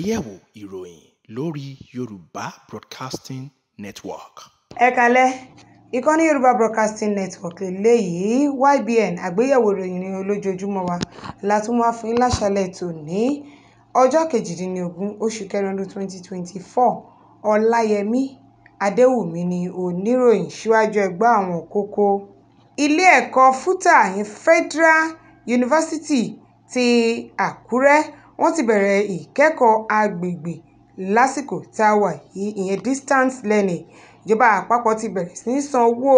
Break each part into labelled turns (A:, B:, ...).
A: àgbéyẹ̀wò ìròyìn lórí yorùbá broadcasting network.
B: ẹ kalẹ́ ìkànnì yorùbá broadcasting network lélẹ́yìí ybn àgbéyẹ̀wò ìròyìn olójoojúmọ́ wa látúmọ̀ àfin láṣálẹ̀ tòní ọjọ́ kejìdínlógún oṣù kẹrin ọdún twenty twenty four ọláyẹmí adéwùmí ni oníròyìn síwájú ẹgbẹ́ àwọn kókó ilé ẹ̀kọ́ fútà ní federal university ti àkúrẹ́ wọ́n ti bẹ̀rẹ̀ ìkẹ́kọ̀ọ́ agbègbè lásìkò tá a wà yìí ìyẹn distance learning ìjọba àpapọ̀ ti bẹ̀rẹ̀ sí í san owó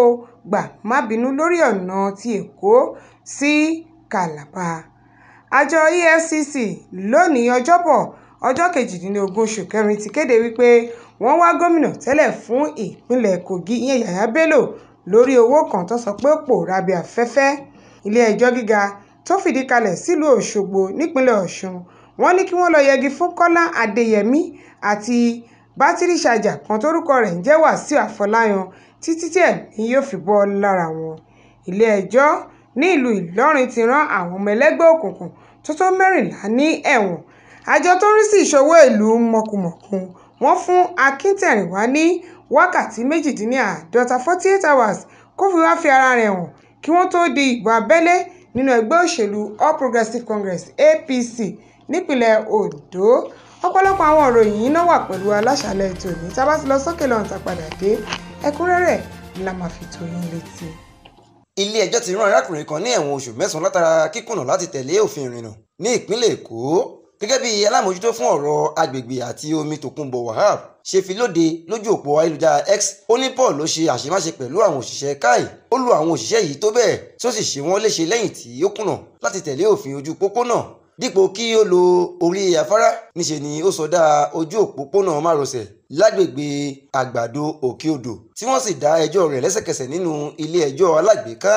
B: gbà-má-bínú lórí ọ̀nà ti Èkó sí Calabar àjọ EFCC lónìí Ọjọ́bọ̀ ọjọ́ kejìdínlógún oṣù kẹrin ti kéde wípé wọ́n wá gómìnà tẹ́lẹ̀ fún ìpínlẹ̀ Kogi ìyẹn Yàyà Bello lórí owó kan tó sọ pé ó pòórá bí afẹ́fẹ́ ilé-ẹjọ́ gíga tó fìdí kalẹ̀ sílùú Òṣogbo nípínlẹ̀ Ọ̀ṣun wọ́n ní kí wọ́n lọ́ọ́ yẹgi fún kọ́lá adéyẹmi àti bátìrì ṣájà kan tórúkọ rẹ̀ ń jẹ́ wàsíù àfọláyàn títí tí ẹ̀mí yóò fi bọ́ lára wọn ilé-ẹjọ́ ní ìlú ìlọrin ti rán àwọn ọmọ ẹlẹ́gbẹ́ òkùnkùn tó tó mẹ́rìnlá ní ẹ̀wọ̀n àjọ tó ń rí sí ìṣòwò ìlú mọ̀kùmọ̀kù wọ́n fún akíntẹ̀rìnwá ní wákàtí méjìdínláàádọ́ta forty eight hours kó fi wá fi ara rẹ̀ hàn kí wọ́n tóó di ìbò abẹ́lé nínú ẹgbẹ́ òṣèlú all progressives congress apc nípínlẹ̀ Ondo ọ̀pọ̀lọpọ̀ àwọn ìròyìn yìí náà wà pẹ̀lú wa láṣàálẹ̀ ètò òní tá a bá ti lọ sókè lọ́hùn tá padà dé ẹ̀kúnrẹ́rẹ́ la máa fi tó yín létí.
A: ilé ẹjọ́ ti rán arákùnrin kan ní ẹ̀wọ̀n oṣù mẹ́sàn-án látara kíkùnà láti tẹ̀lé òfin ìrìnnà ní ìpínlẹ̀ Èkó gẹ́gẹ́ bí alámòjútó fún ọ̀rọ̀ agbègbè àti omi Tòkunbọ̀ Wahab ṣe fi lóde lójú òpó ayélujára X ó ní Paul ló ṣe àṣemáṣe pẹ̀lú àwọn òṣìṣẹ́ káì ó lu àwọn òṣìṣẹ́ yìí tó bẹ́ẹ̀ tó sì ṣe wọ́n léṣe lẹ́yìn tí ó kùnà láti tẹ̀lé òfin ojú pópó náà dípò kí ó lo orí afárá níṣe ni ó sọdá ojú òpópónà márosẹ̀ lágbègbè àgbàdo òkè odò tí wọ́n sì dá ẹjọ́ rẹ̀ lẹ́sẹ̀kẹsẹ̀ nínú ilé ẹjọ́ alágbèéká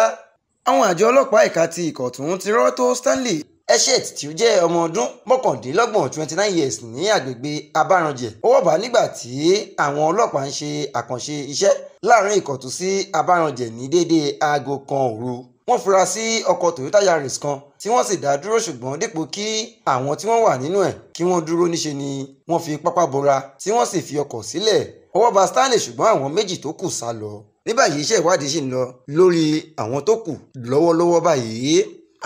A: àwọn àjọ ọlọ́pàá ẹ̀ka ti ìkọ̀tún ti rọ́ tó Stanley eshet tí ó jẹ́ ọmọ ọdún mọ́kàndínlọ́gbọ̀n twenty nine years ní àgbègbè abáranjẹ ó wọ̀ bá nígbà tí àwọn ọlọ́pàá ń ṣe àkànṣe iṣẹ́ láàrin ìkọ̀tún sí abáranjẹ ní déédéé aago kan òru wọ́n fura sí ọkọ̀ Toyota Yaris kan tí wọ́n sì dá dúró ṣùgbọ́n dípò kí àwọn tí wọ́n wà nínú ẹ̀ kí wọ́n dúró níṣe ni wọ́n fi pápá bora tí wọ́n sì fi ọkọ̀ sílẹ̀ ọwọ́ bà Stanley ṣùgbọ́n àwọn méjì tó kù sá lọ ní báyìí iṣẹ́ ìwádìí ṣì ń lọ lórí àwọn tó kù lọ́wọ́lọ́wọ́ báyìí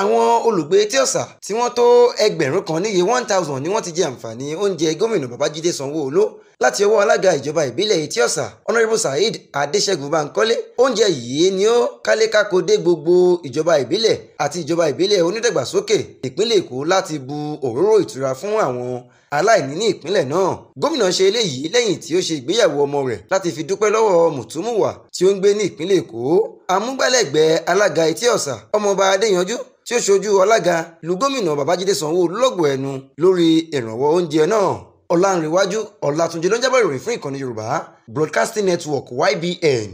A: àwọn olùgbé etí ọ̀sà tí wọ́n tó ẹgbẹ̀rún kan níye one thousand ni wọ́n ti jẹ àǹfààní oúnjẹ gómìnà Babájídé Sanwó-Olú láti ọwọ́ alága ìjọba ìbílẹ̀ etí ọ̀sà honourable saheed adéṣẹ́gun bankole oúnjẹ yìí ni ó kálékáko dé gbogbo ìjọba ìbílẹ̀ àti ìjọba ìbílẹ̀ onídàgbàsókè ìpínlẹ̀ èkó láti bu òróró ìtura fún àwọn aláìní ní ìpínlẹ̀ náà gómìnà ṣe eléyìí lẹ́yìn tí ó ṣe ìgbéyàwó ọmọ rẹ̀ láti fi dúpẹ́ lọ́wọ́ mùtúmùwà tí ó ń gbé ní ìpínlẹ̀ èkó amúgbálẹ́gbẹ̀ẹ́ alága etí ọ̀sà ọmọọba adéyanjú tí ó ṣojú alága lu gómìnà babájídé sanwó-olú ẹnu lórí ìrànwọ́ oúnjẹ náà ọlánrewájú ọlátúnjì ló ń jábọ̀ ìròyìn fún ìkànnì yorùbá broadcasting network ybn.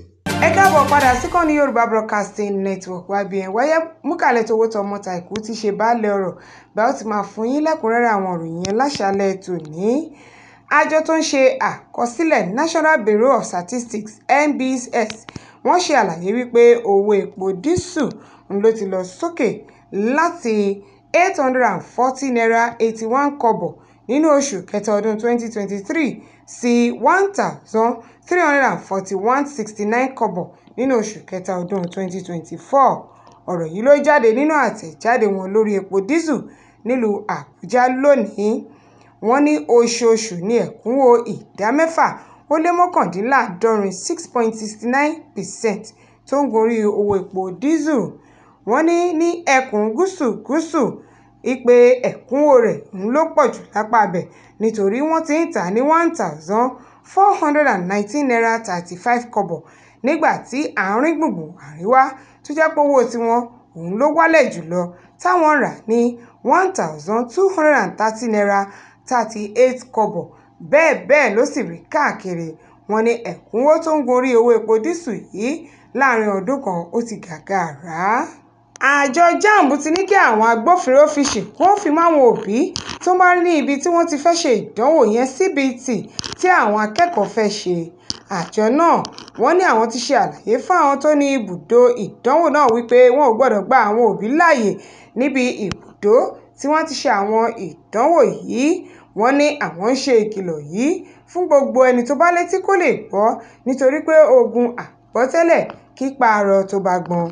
B: ẹ káàbọ̀ padà síkànnì yorùbá broadcasting network ybn wáyé múkàlẹ̀ tówó tọmọ tàìkú ti ṣe baálé ọ̀rọ̀ báwo ti máa fún yín lẹ́kùnrẹ́rẹ́ àwọn ìròyìn yẹn láṣálẹ́ tòní àjọ tó ń ṣe àkọsílẹ̀ national bureau of statistics nbs wọ́n ṣe àlàyé wípé owó epo dísù ń ló ti lọ sókè láti eight hundred and forty naira eighty one kobo nínú oṣù kẹta ọdún 2023 sí one thousand three hundred kobo nínú oṣù kẹta ọdún 2024. ọ̀rọ̀ yìí ló jáde nínú àtẹ̀jáde wọn lórí epo dísù nílùú Àbújá lónìí. wọ́n ní oṣooṣù ní ẹ̀kúnwó ìdá mẹ́fà ó lé mọ́kàndínláàádọ́rin six point sixty nine percent tó ń gorí owó epo dísù. wọ́n ní ní ẹkùn gúúsù gúúsù ipe ẹ̀kúnwó rẹ̀ ọ̀hún ló pọ̀ jù lápá ibẹ̀ nítorí wọ́n ti ń tà ní one thousand four hundred and nineteen naira thirty five kobo nígbà tí àárín gbùngbùn àríwá tó jẹ́ pé owó tiwọn ọ̀hún ló wálẹ̀ jùlọ táwọn rà ní one thousand two hundred and thirty naira thirty eight kobo bẹ́ẹ̀ bẹ́ẹ̀ ló sì rí káàkiri wọ́n ní ẹ̀kúnwó tó ń gorí owó epo dísù yìí láàrin ọdún kan ó ti gàgàrà àjọ jamb ti ní kí àwọn agbófinró fi ṣìnkún-òfìn mú àwọn òbí tó bá ní ibi tí wọ́n ti fẹ́ ṣe ìdánwò ìyẹn cbt tí àwọn akẹ́kọ̀ọ́ fẹ́ ṣe àjọ náà wọ́n ní àwọn ti ṣe àlàyé fáwọn tó ní ibùdó ìdánwò náà wípé wọn ò gbọ́dọ̀ gba àwọn òbí láàyè níbi ibùdó tí wọ́n ti ṣe àwọn ìdánwò yìí wọ́n ní àwọn ń ṣe ìkìlọ̀ yìí fún gbogbo ẹni tó bá létí kó lè gbọ́ nítorí pé ogun àgbọ́tẹ́lẹ̀ kì tó bá gbọ́n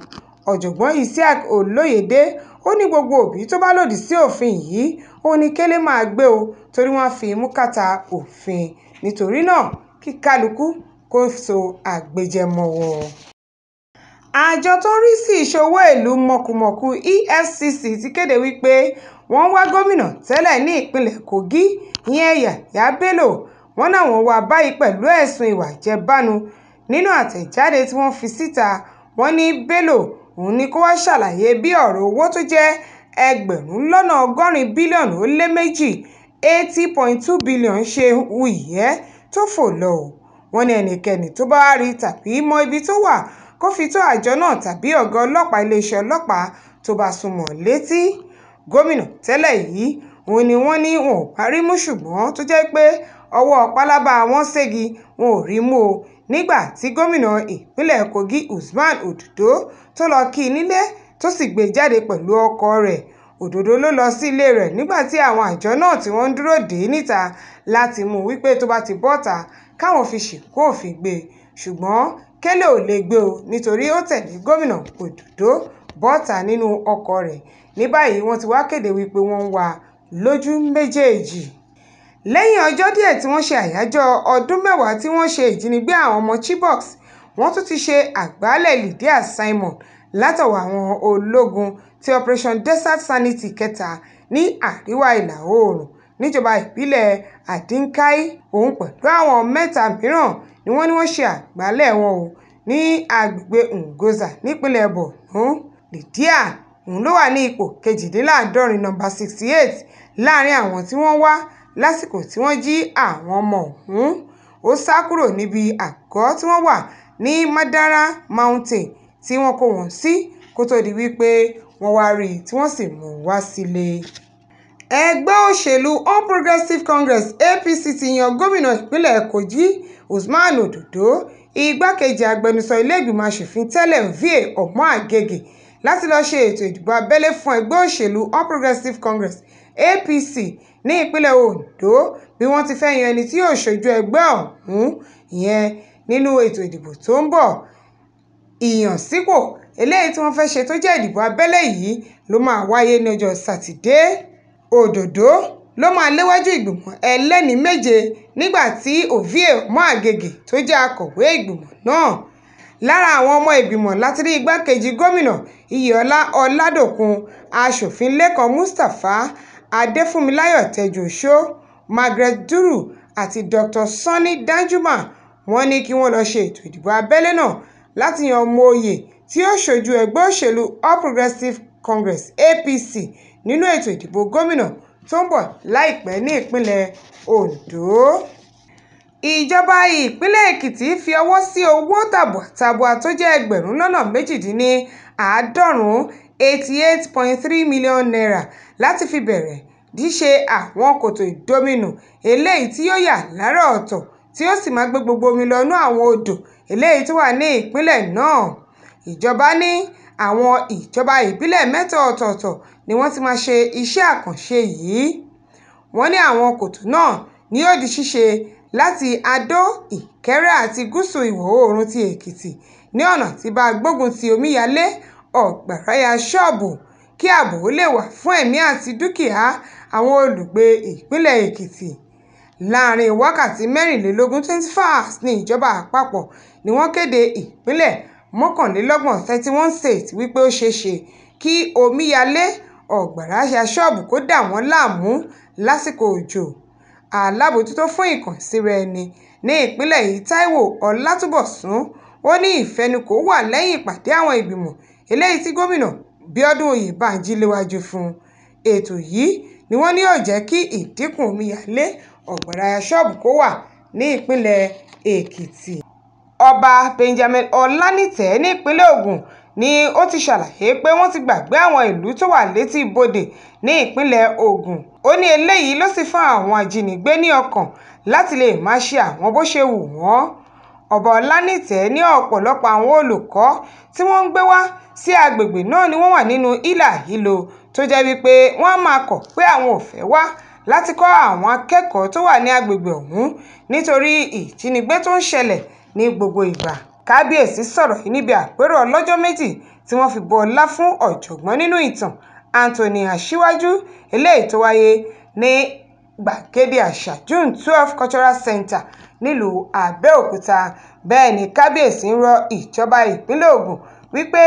B: ọ̀jọ̀gbọ́n isiaq olóyedè ó ní gbogbo òbí tó bá lòdì sí òfin yìí ó ní kélé máa gbé o torí wọ́n fi imú kàtà òfin nítorí náà kí kálukú kó so àgbéjẹmọ́wọ́ àjọ tó ń rí sí ìṣòwò ìlú mọ̀kùmọ̀kù efcc ti kéde wípé wọ́n wá gómìnà tẹ́lẹ̀ ní ìpínlẹ̀ kogi ìyẹn yàyà bello wọ́n náwọn wà báyìí pẹ̀lú ẹ̀sùn ìwà jẹbánu nínú àtẹ̀jáde tí wọ́n fi síta wọ́n ní bello òun ni kó wáá ṣàlàyé bí ọ̀rọ̀ owó tó jẹ́ ẹgbẹ̀rún lọ́nà ọgọ́rin bílíọ̀nù ó lé méjì eighty point two billion ṣe hùyẹ́ tó fò lọ o wọ́n ní ẹnikẹ́ni tó bá rí tàbí mọ ibi tó wà kó fi tó àjọ náà tàbí ọ̀gá ọlọ́pàá iléeṣẹ́ ọlọ́pàá tó bá súnmọ́ létí gómìnà tẹ́lẹ̀ yìí òun ni wọ́n ní wọn ò parí mú ṣùgbọ́n tó jẹ́ pé ọwọ́ pálábá wọn ségi wọn ò rí mú o nígbà tí gómìnà ìpínlẹ̀ kogi usman òdòdó tó lọ́ọ́ kí nílé tó sì gbé e jáde pẹ̀lú ọkọ̀ rẹ̀ òdòdó ló lọ sí ilé rẹ̀ nígbà tí àwọn àjọ náà tí wọ́n ń dúró dè é níta láti mú un wípé tó bá ti bọ́ta káwọn fi ṣìnkú òfin gbé e ṣùgbọ́n kẹ́lẹ́ ò lè gbé o nítorí ó tẹ̀lé gómìnà òdòdó bọ́ta nínú ọkọ̀ rẹ̀ ní báyìí wọ́n ti wá kéde wípé wọ́n ń wá a lójú méjèèjì lẹ́yìn ọjọ́ díẹ̀ tí wọ́n ṣe àyájọ́ ọdún mẹ́wàá tí wọ́n ṣe ìjínigbé àwọn ọmọ chibok wọ́n tún ti ṣe àgbàálẹ̀ lydia simon látọwọ́ àwọn ológun ti operation desert sanity kẹta ní àríwá ìlà oòrùn níjọba ìbílẹ̀ adinkai òun pẹ̀lú àwọn mẹ́ta mìíràn ni wọ́n ní wọ́n ṣe àgbàálẹ̀ wọn o ní agbègbè ngoza nípínlẹ̀ borno lydia òun ló wà ní ipò kejìdínláàádọ́rin nọmba sixty eight láàrin àwọn tí wọ́n wá lásìkò tí wọ́n jí àwọn ọmọ ọ̀hún ó sá kúrò níbi àgọ́ tí wọ́n wà ní madara mountain tí wọ́n kó wọn sí kó tóó di wípé wọ́n wá rí i tí wọ́n sì mú un wá sílé. ẹgbẹ́ òṣèlú all progressives congress apc ti yan gómìnà ìpínlẹ̀ kogi usman ododo igbákejì agbẹnusọ ilé-ìgbìmọ̀ asòfin tẹ́lẹ̀ nvíe ọ̀gbọ́n-àgègè láti lọ́ọ́ ṣe ètò ìdìbò abẹ́lé fún ẹgbẹ́ òṣèlú all progressives congress apc ní ìpínlẹ̀ Ondo bí wọ́n ti fẹ́ yan ẹni tí yóò ṣojú ẹgbẹ́ ọ̀hún ìyẹn nínú ètò ìdìbò tó ń bọ̀ ìyànsípò eléyìí tí wọ́n fẹ́ ṣe tó jẹ́ ìdìbò abẹ́lé yìí ló máa wáyé ní ọjọ́ sátidé òdòdó ló máa léwájú ìgbìmọ̀ ẹlẹ́ni méje nígbà tí Ovie Omoagege tó jẹ́ akọ̀wé ìgbìmọ̀ náà lára àwọn ọmọ ìgbìmọ̀ láti rí igbákejì gómìnà Iyèọlá Ọládòkun aṣòfin Lẹ́kan Mustapha adéfúnmiláyọ̀ tẹ́jú-òṣó margaret duru àti dr sani danjuma wọ́n ní kí wọ́n lọ́ọ́ ṣe ètò ìdìbò abẹ́lé náà láti yan ọmọòye tí yóò ṣojú ẹgbẹ́ òṣèlú all progressives congress apc nínú ètò ìdìbò gómìnà tó ń bọ̀ láìpẹ́ ní ìpínlẹ̀ ondo ìjọba ìpínlẹ̀ èkìtì fi ọwọ́ sí owó tàbùàtabua tó jẹ́ ẹgbẹ̀rún lọ́nà méjìdínní àádọ́rùn-ún eighty eight point three million naira láti fi bẹ̀rẹ̀ díṣe àwọn kòtò ìdominù eléyìí tí yóò yà lára ọ̀tọ̀ tí yóò sì máa gbé gbogbo omi lọ inú àwọn odò eléyìí tó wà ní ìpínlẹ̀ náà ìjọba ní àwọn ìjọba ìbílẹ̀ mẹ́ta ọ̀tọ̀ọ̀tọ̀ ni wọ́n ti máa ṣe iṣẹ́ àkànṣe yìí wọ́n ní àwọn kòtò náà ni yóò di ṣíṣe láti Adó Ìkẹ́rẹ́ àti gúúsù ìwọ̀ oòrùn ti Èkìtì ní ọ̀nà tí bá gbógun ti omíyalé ọ̀gbàráyà ṣọ́ọ̀bù kí ààbò lè wà fún ẹ̀mí àti dúkìá àwọn olùgbé ìpínlẹ̀ Èkìtì láàrin wákàtí mẹ́rìnlélógún (24hrs) ní ìjọba àpapọ̀ ni wọ́n kéde ìpínlẹ̀ mọ́kànlélọ́gbọ̀n (31 states) wípé ó ṣeéṣe kí omíyalé ọ̀gbàrá ya ṣọ́ọ̀bù kó dà wọ́n láàmú lásìkò òjò. Alábòójútó fún ìkànsíra-ẹni ní ìpínlẹ̀ yìí Táíwò Ọlátúnbọ̀sún, ó ní ìfẹnukò wà lẹ́yìn ìpàdé àwọn ìgbìmọ̀ eléyìí tí Gómìnà Bíọ́dún Oyèbánjí léwájú fún un. Ètò yìí ni wọ́n ní yóò jẹ́ kí ìdínkù omíyalé ọ̀gbàrá ṣọ́ọ̀bù kó wà ní ìpínlẹ̀ Èkìtì. Ọba Benjamin Ọlánìtẹ́ ní ìpínlẹ̀ Ògùn ni ó ti ṣàlàyé pé wọ́n ti gbàgbé àwọn ìlú tó wà létí ibodè ní ìpínlẹ̀ Ògùn. Ó ní eléyìí ló sì fún àwọn ajínigbé ní ọkàn láti lè máa ṣe àwọn bó ṣe wù wọ́n ọba ọlánìtẹ́ ní ọ̀pọ̀lọpọ̀ àwọn olùkọ́ tí wọ́n ń gbé wá sí àgbègbè náà ni wọ́n wà nínú hílàhílo tó jẹ́ wípé wọ́n á máa kọ̀ pé àwọn ò fẹ́ wá láti kọ́ àwọn akẹ́kọ̀ọ́ tó wà ní agbègbè ọ̀hún nítorí ìjínigbé tó ń ṣẹlẹ̀ ní gbogbo ìgbà kábíyèsí sọ̀rọ̀ yìí níbi àpérò ọlọ́jọ́ méjì tí wọ́n fi bu ọlá fún ọ̀jọ̀gbọ́n nínú ìtàn Anthony Aṣíwájú eléyìí tó wáyé ní gbàgede àṣà June twelve Cultural Center nílùú àbẹ́òkúta bẹ́ẹ̀ ni kábíyèsí ń rọ ìjọba ìpínlẹ̀ ògùn wípé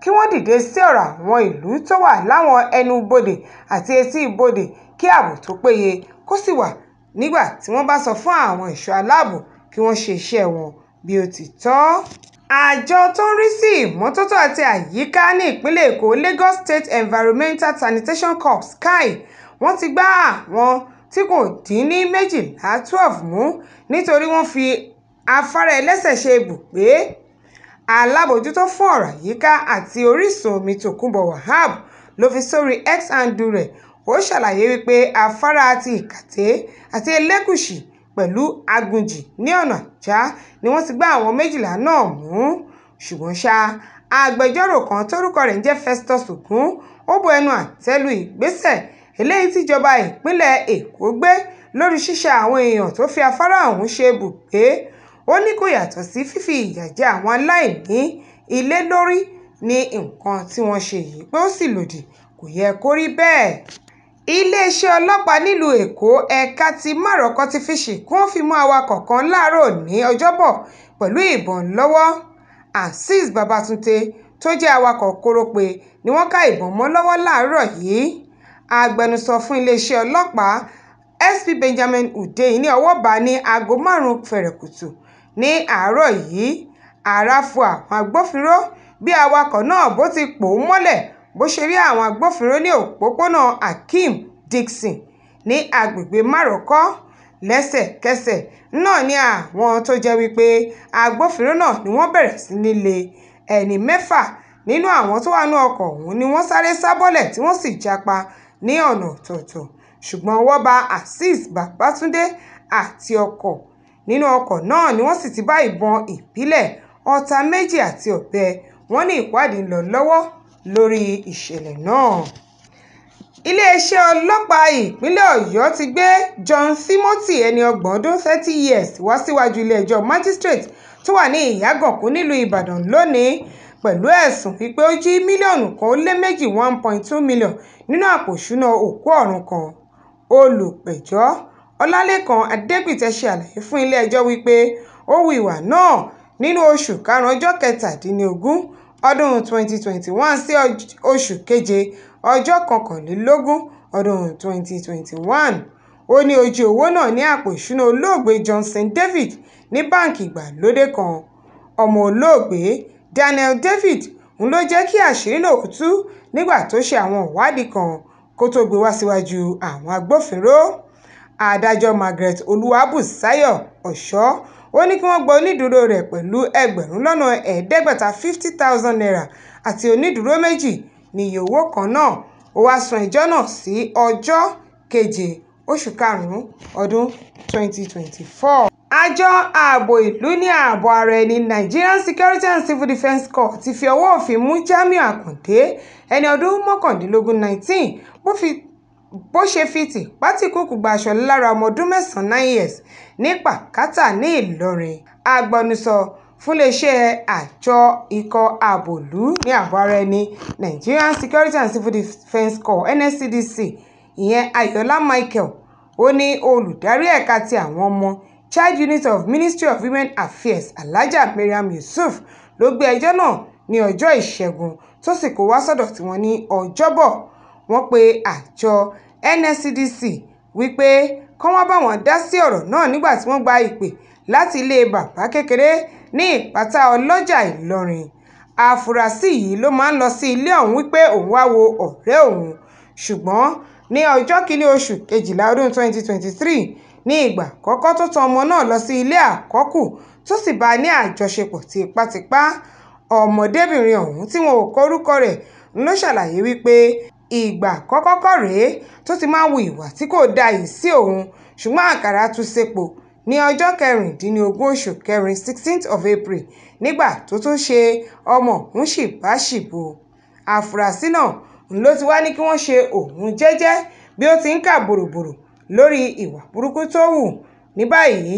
B: kí wọ́n dìde sí ọ̀rọ̀ àwọn ìlú tó wà láwọn ẹnubodè àti etí ibodè kí ààbò tó péye kó sì wà nígbà tí wọ́n bá sọ fún àwọn ẹ̀ṣọ́ aláàbò kí wọ́n ṣe iṣẹ́ wọn bí ó ti tọ́ àjọ tó ń rí sí ìmọ́tótó àti àyíká ní ìpínlẹ̀ èkó Lagos State Environmental Sanitation Corps sky wọ́n ti gbá àwọn tí kò dín ní méjìlá twelve mú nítorí wọ́n fi afárá ẹlẹ́sẹ̀ ṣe ibùgbé alábòjútó fún ọ̀rọ̀ àyíká àti orísun omi tòkunbọ̀ wahab ló fi sórí x handle rẹ̀ ó ṣàlàyé wípé afárá ti ìkàtẹ́ àti elégùṣì pẹ̀lú agunjì ní ọ̀nà àjá ni wọ́n ti gbá àwọn méjìlá náà mú ṣùgbọ́n ṣá agbẹjọ́rò kan tórúkọ rẹ̀ ń jẹ́ festus ogun ó bu ẹnu àtẹ́lu ìgbésẹ̀ eléyìí tíjọba ìpínlẹ̀ èkó gbé lórí ṣíṣe àwọn èèyàn tó fi afárá ọ̀hún ṣe ibùgbé ó ní kò yàtọ̀ sí fífi ìyà jẹ àwọn aláìní ilé lórí ní nǹkan tí wọ́n ṣe yìí pé ó sì lòdì kò yẹ kó rí bẹ́ẹ̀ iléeṣẹ́ ọlọ́pàá nílùú èkó ẹ̀ka ti márọ̀kọ́ ti fi ṣìnkún ó fi mú awakọ̀ kan láàárọ̀ ní ọjọ́bọ̀ pẹ̀lú ìbọn lọ́wọ́ azeez babatunde tó jẹ́ awakọ̀ kórópè ni wọ́n ká ìbọn mọ́ lọ́wọ́ láàárọ̀ yìí agbẹnusọ fún iléeṣẹ́ ọlọ́pàá sp benjamin hundeyin ní owó bá a ní aago márùn-ún fẹ̀rẹ̀kùtù ní àárọ̀ yìí ara fu àwọn agbófinró bí awakọ̀ náà bó ti pò ó mọ́lẹ̀ bó ṣe rí àwọn agbófinró ní òpópónà akeem dickson ní agbègbè márọ̀kọ́ lẹ́sẹ̀kẹsẹ̀ náà ni àwọn tó jẹ́ wípé agbófinró náà ni wọ́n bẹ̀rẹ̀ sí ní lé ẹni mẹ́fà nínú àwọn tó wà ní ọkọ̀ ọ̀hún ni wọ́n sáré sábọ́lẹ̀ tí wọ́n sì japa ní ọ̀nà ọ̀tọ̀ọ̀tọ̀ ṣùgbọ́n ọwọ́ ba azeez babatúndé àti ọkọ̀ nínú ọkọ̀ náà ni wọ́n sì ti bá ìbọn ìbílẹ̀ ọta méjì àti ọ̀bẹ wọn ní ìwádìí ń lọ lọ́wọ́ lórí ìṣẹ̀lẹ̀ náà iléeṣẹ́ ọlọ́pàá ìpínlẹ̀ ọ̀yọ́ ti gbé john timothy ẹni ọgbọ̀n ọdún thirty years wá síwájú ilé-ẹjọ́ magistrate tó wà ní ìyàgànkù nílùú ìbàdàn lónìí pẹ̀lú ẹ̀sùn pípé ó jí mílíọ̀nù kan ó lé méjì one point two million nínú àpò ìṣúná òkú ọ̀run kan olùpẹ̀jọ́ ọlálẹ́kan adégbìtẹ́ ṣe àlàyé fún ilé-ẹjọ́ wípé ó hu ìwà náà nínú oṣù karùn-ún ọjọ́ kẹtàdínlógún ọdún 2021 sí oṣù keje ọjọ́ kọkànlélógún ọdún 2021 ó ní ojú owó náà ní àpò ìṣúná olóògbé johnson david ní báǹkì ìgbàlódé kan ọmọ olóògbé daniel david ń ló jẹ́ kí àṣírí náà nígbà tó ṣe àwọn ìwádìí kan kó tó gbé wá síwájú àwọn agbófinró adájọ́ Margaret Olúwabùsáyọ̀ Ọ̀ṣọ́ ó ní kí wọ́n gba onídùúró rẹ̀ pẹ̀lú ẹgbẹ̀rún lọ́nà ẹ̀ẹ́dẹ́gbẹ̀ta fifty thousand naira àti onídùúró méjì ní iye owó kan náà ó wáá sún ẹjọ́ náà sí ọjọ́ keje oṣù karùn ọdún twenty twenty four àjọ ààbò ìlú ní ààbò ara ẹni nigerian security and civil defence corps ti fi ọwọ́ òfin mú jamiu akande ẹni ọdún mọ́kàndínlógún nineteen bó ṣe fi tìpátìkúùkù gba aṣọ lára ọmọ ọdún mẹ́sàn-án nine years ní pàkátà ní ìlọrin agbọnusọ fúnléeṣẹ́ àjọ ikọ̀ ààbòlú ní ààbò ara ẹni nigerian security and civil defence corps nscdc ìyẹn ayọ̀lá michael ó ní olùdarí ẹ̀ka ti àwọn ọmọ Child Unit of Ministry of Women Affairs Alhaja Mariam Yusuf ló gbé ẹjọ́ náà ní ọjọ́ Ìṣẹ́gun tó sì kó wá sọ́dọ̀ tiwọn ní Ọjọ́bọ̀ wọ́n pe àjọ NSCDC wípé kán wá bá wọn dá sí ọ̀rọ̀ náà nígbà tí wọ́n gba ìpè láti ilé bàbá kékeré ní ìpátá ọlọ́jà Ìlọrin afurasí yìí ló máa ń lọ sí ilé ọ̀hún wípé òun wá wo ọ̀rẹ́ òun ṣùgbọ́n ní ọjọ́ kìíní oṣù kejìlá ọdún 2023 ní ìgbà àkọ́kọ́ tó tan ọmọ náà lọ sí ilé àkọ́kù tó sì bá a ní àjọṣepọ̀ tipátipá ọmọdébìnrin ọ̀hún tí wọn ò kórúkọ rẹ̀ ló ṣàlàyé wípé ìgbà àkọ́kọ́ kọ́ rèé tó ti máa ń wu ìwà tí kò dáa yìí sí òun ṣùgbọ́n àkàrà tú sépo ní ọjọ́ kẹrìndínlógún oṣù kẹrin sixteenth of April nígbà tó tún ṣe ọmọ ọ̀hún ṣìbáṣìbò àfúrásì náà ló ti wá ní kí wọ́n ṣe òun jẹ́jẹ́ bí ó ti ń kà bòròbòrò lórí ìwà burúkú tó hù ní báyìí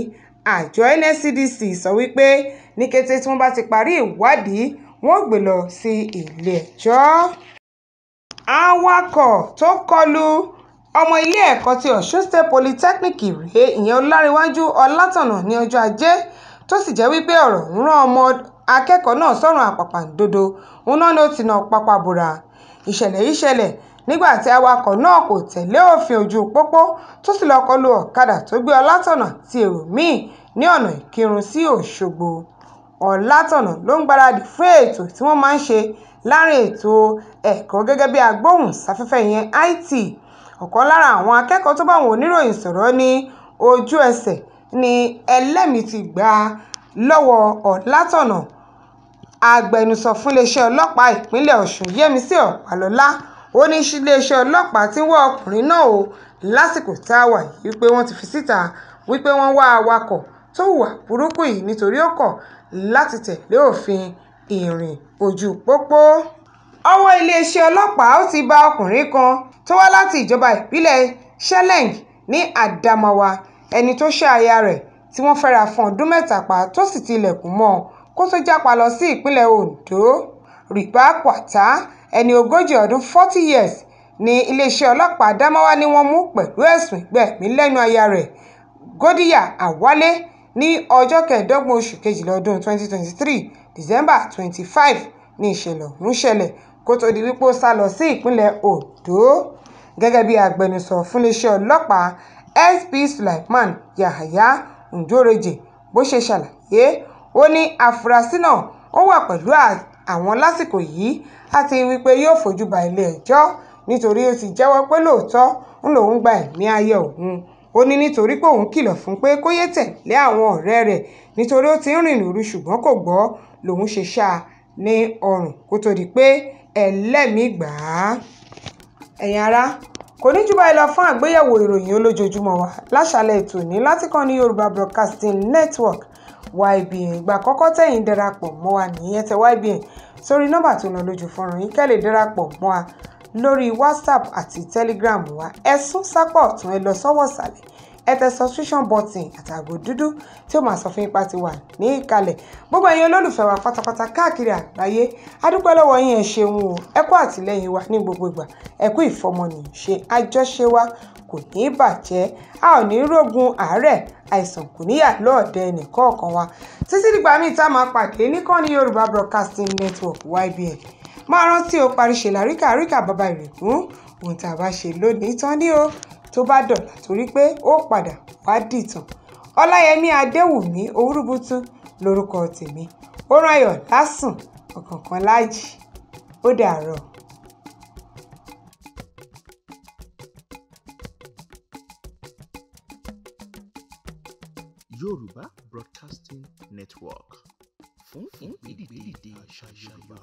B: àjọ nscdc sọ wípé ní kété tí wọ́n bá ti parí ìwádìí wọ́n gbé lọ sí ilé-ẹjọ́ awakọ̀ tó kọlu ọmọ ilé-ẹ̀kọ́ ti ọ̀ṣun state polytechnic rèé ìyẹn ọlárinwájú ọlátànà ní ọjọ́ ajé tó sì jẹ́ wípé ọ̀rọ̀ ń rán ọmọ akẹ́kọ̀ọ́ náà sọ́rùn àpàpàǹdodo òun náà ló ti nà pápá bora ìṣẹ̀lẹ̀ yìí nígbà tí awakọ̀ náà kò tẹ̀lé òfin ojú pópó tó sì lọ́ọ́ kọlu ọ̀kadà tó gbé ọlátọ̀nà àti èrò míì ní ọ̀nà ìkírun sí ọ̀ṣọ́gbó ọlátọ̀nà ló ń gbáradì fún ètò tí wọ́n máa ń ṣe láàrin ètò ẹ̀kọ́ gẹ́gẹ́ bí agbóhùnsáfẹ́fẹ́ ìyẹn it ọ̀kan lára àwọn akẹ́kọ̀ọ́ tó bá àwọn oníròyìn sọ̀rọ̀ ní ojú ẹsẹ̀ ni ẹlẹ́mìí ti gbà lọ́wọ́ ọlátọ̀nà agbẹnusọ fún iléeṣẹ́ ọlọ́pàá ìpínlẹ̀ ọ̀ṣun yẹ́misí ọ̀pálọ́lá ó ní iléeṣẹ́ ọlọ́pàá ti ń wá ọkùnrin náà o lásìkò tá a wà yìí pé wọ́n ti fi síta wípé wọ́n wá awakọ̀ tó hùwà burúkú yìí nítorí ó kọ̀ láti tẹ̀lé òfin ìrìn ojú pópó ọwọ́ iléeṣẹ́ ọlọ́pàá ó ti bá ọkùnrin kan tó wá láti ìjọba ìbílẹ̀ Challenge ní Adamawa ẹni tó ṣe aya rẹ̀ tí wọ́n fẹ́ra fún ọdún mẹ́ta pa tó sì ti ilẹ̀kùn mọ́ kó tó jápa lọ sí ìpínlẹ̀ Ondo Rìpáà Patta, ẹni ogójì ọdún (40 years), ni iléeṣẹ́ ọlọ́pàá Adamawa ni wọ́n mú pẹ̀lú ẹ̀sùn ìgbẹ́ẹ̀kínlé lẹ́nu aya rẹ̀, Goldiya Awale, ní ọjọ́ 25 oṣù Kejìlá ọdún 2023 dezemba 25) ni ìṣẹ̀lẹ̀ ọ̀hún ṣẹlẹ̀ kó tó di wípé ó sálọ sí ìpínlẹ̀ Ondo. Gẹ́gẹ́ bí agbẹnusọ fún iléeṣẹ́ ọlọ́pàá SP Sulaiman Yahaya Njoreje bó ṣe ṣàlàyé, ó ní afurasí náà "ó wà pẹ̀lú àwọn lásìkò yìí á ti wí pé yóò fojú ba ilé-ẹjọ́ nítorí ó ti jẹ́wọ́ pé lóòótọ́ ń lòun gba ẹ̀mí aya òun ó ní nítorí pé òun kìlọ̀ fún un pé kó yéé tẹ̀lé àwọn ọ̀rẹ́ rẹ̀ nítorí ó ti ń rìn lóru ṣùgbọ́n kò gbọ́ lòun ṣe ṣá a ní ọrùn kó tóó di pé ẹlẹ́mìí gbà á. ẹ̀yin ará kò ní jù báyìí lọ fún àgbéyẹ̀wò ìròyìn olójoojúmọ́ wa láṣàlẹ̀ ètò ní láti kàn ní Yorùbá Broadcasting Network YBN ìgbà àkọ́kọ́ tẹ̀yin darapọ̀ mọ́ wa nìyẹn tẹ YBN sórí nọ́mbà tó lọ lójú fọ́nrán yín kẹ́ lè darapọ̀ mọ́ wa lórí WhatsApp àti Telegram wa ẹ sún sápọ̀ ọ̀tún ẹ lọ sọ́wọ́ ìsàlẹ̀ ẹ tẹ subscription button àtàgò dúdú tí ó máa sọ fún ipa ti wà ní ìkàlẹ̀ gbogbo ẹ̀yin olólùfẹ́ wa pátápátá káàkiri àgbáyé adúpẹ́ lọ́wọ́ yín ẹ ṣeun o ẹ kú àtìlẹ́yìn wa ní gbogbo ìgbà ẹ kú ìfọmọnì ṣe àjọṣe wa kò ní bàjẹ́ a ò ní rógun àárẹ̀ àìsàn kò níyà lọ́ọ̀dẹ nìkọ̀ọ̀kan wa títí dìgbà míì tá a máa pàdé níkànnì Yorùbá Broadcasting Network YBN máa rántí o paríṣe làríkà àríkà bàbá ìrègùn ohun tá a bá ṣe lónìí tán ní o tó bá dọ̀là torí pé ó padà wá dìtàn Ọláyẹmí Adéwùmí Owúrúbútú lórúkọ tèmi ó ráyọ̀ lásùn ọ̀kọ̀ọ̀kan láàjì ó dàárọ̀.
A: yorùbá broadcasting network fún ìgbédìde àṣà yorùbá.